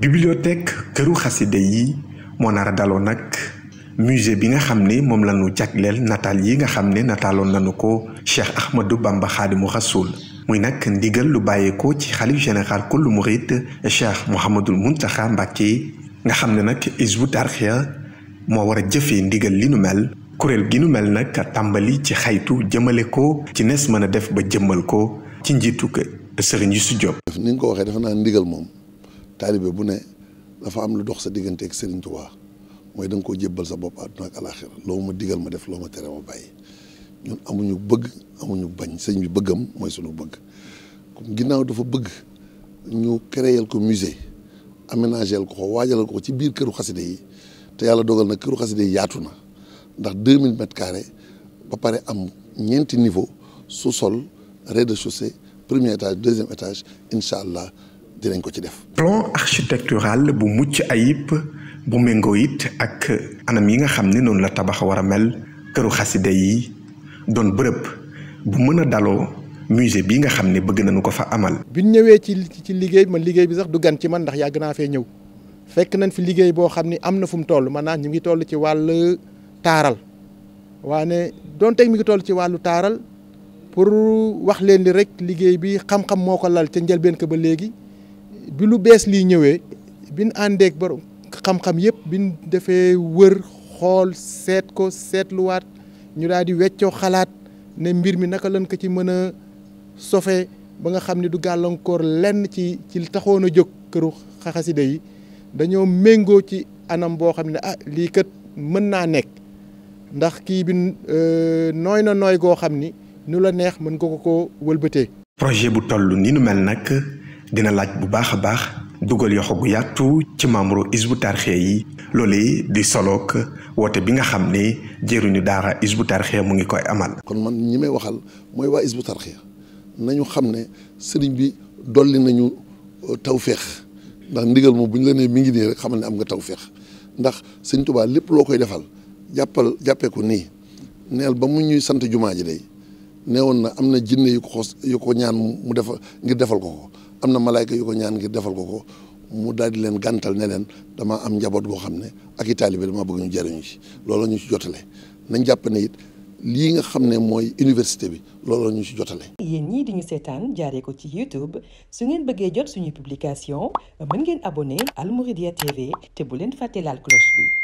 bibliothèque këru xaside yi moo nar a nag musée bi nga xam ne moom la ñu jagleel nataal yi nga xam ne nataaloon nañu ko Cheikh Ahmadou Bamba Xaadimu Rasul muy nag ndigal lu bàyyeekoo ci xalif général kullu murid Cheikh Mouhamadul Mountakha Mbacké nga xam ne nag Hizbut Tarqiyyah moo war a jëfee ndigal li nu mel kuréel gi nu mel nag tàmbali ci xaytu jëmale ko ci nees mën a def ba jëmmal ko ci njiitu kër Serigne Youssou Diop. ni ko waxee dafa naa ndigal moom. taalibe bu ne dafa am lu dox sa diggante ak Serigne Touba mooy da nga koo jébbal sa bopp àdduna ak alaxira ma diggal ma def loo ma tere ma bàyyi ñun amuñu bëgg amuñu bañ sëñ bi bëggam mooy sunu bëgg comme ginnaaw dafa bëgg ñu créer ko musée aménagé ko ko waajal ko ci biir këru xaside yi te yàlla dogal na këru xaside yi yaatu na ndax 2000 mètres carrés ba pare am ñeenti niveau su sol rez rez-de-chaussée premier étage deuxième étage incha allah dinañ ko ci def. plan architectural bu mucc ayib bu méngoo it ak anam yi nga xam ne noonu la tabax war a mel këru xaside yi doon bërëb bu mën a daloo musée bi nga xam ne bëgg nañu ko fa amal. bi ñu ñëwee ci ci liggéey man liggéey bi sax du gan ci man ndax yàgg naa fee ñëw fekk nañ fi liggéey boo xam ni am na fu mu toll naa ñu ngi toll ci wàll taaral waane donte mi ngi toll ci wàllu taaral. pour wax leen di rek liggéey bi xam-xam moo ko lal ca njëlbeen ko ba léegi bi lu bees lii ñëwee bin àndeek borom xam-xam yëpp bin defee wër xool seet ko seetluwaat ñu daal di weccoo xalaat ne mbir mi naka lañ ko ci mën a sofe ba nga xam ne du gàllankoor lenn ci ci taxoon a jóg këru xaxaside yi dañoo méngoo ci anam boo xam ne ah lii kat mën naa nekk ndax kii bi euh, nooy na nooy goo xam ni nu la neex mën nga ko ko wëlbatee. projet bu toll ni nu mel nag. dina laaj bu baax a baax dugal yoxo gu yàttu ci membre isbu tarxiya yi loolee di soloog woote bi nga xam ne jëruñu daara isbu xee mu ngi koy amal. kon man ñi may waxal mooy waa isbu tarxiya nañu xam ne sëriñ bi dolli nañu euh, taw feex ndax ndigal moom bu ñu la nee mi ngi nii rek xamal ne am nga taw feex ndax sëñ Tuubaa lépp loo koy defal jàppal jàppee nii neel ba mu ñuy sant jumaa ji day woon na am na jinne yu ko xos ñaan mu defal ngir defal ko ko. am na malaayka yu ko ñaan ngir defal ko ko mu daal leen gantal ne leen dama am njaboot goo xam ne ak i taalibe damaa bëgg ñu jëriñu ci looloo ñu ci jotale nañ jàpp ne it lii nga xam ne mooy université bi looloo ñu ci jotale. yéen ñii di ñu seetaan jaaree ko ci YouTube su ngeen bëggee jot suñuy publication mën ngeen abonné Al Mouridiyyah TV te bu leen fàtte laal cloche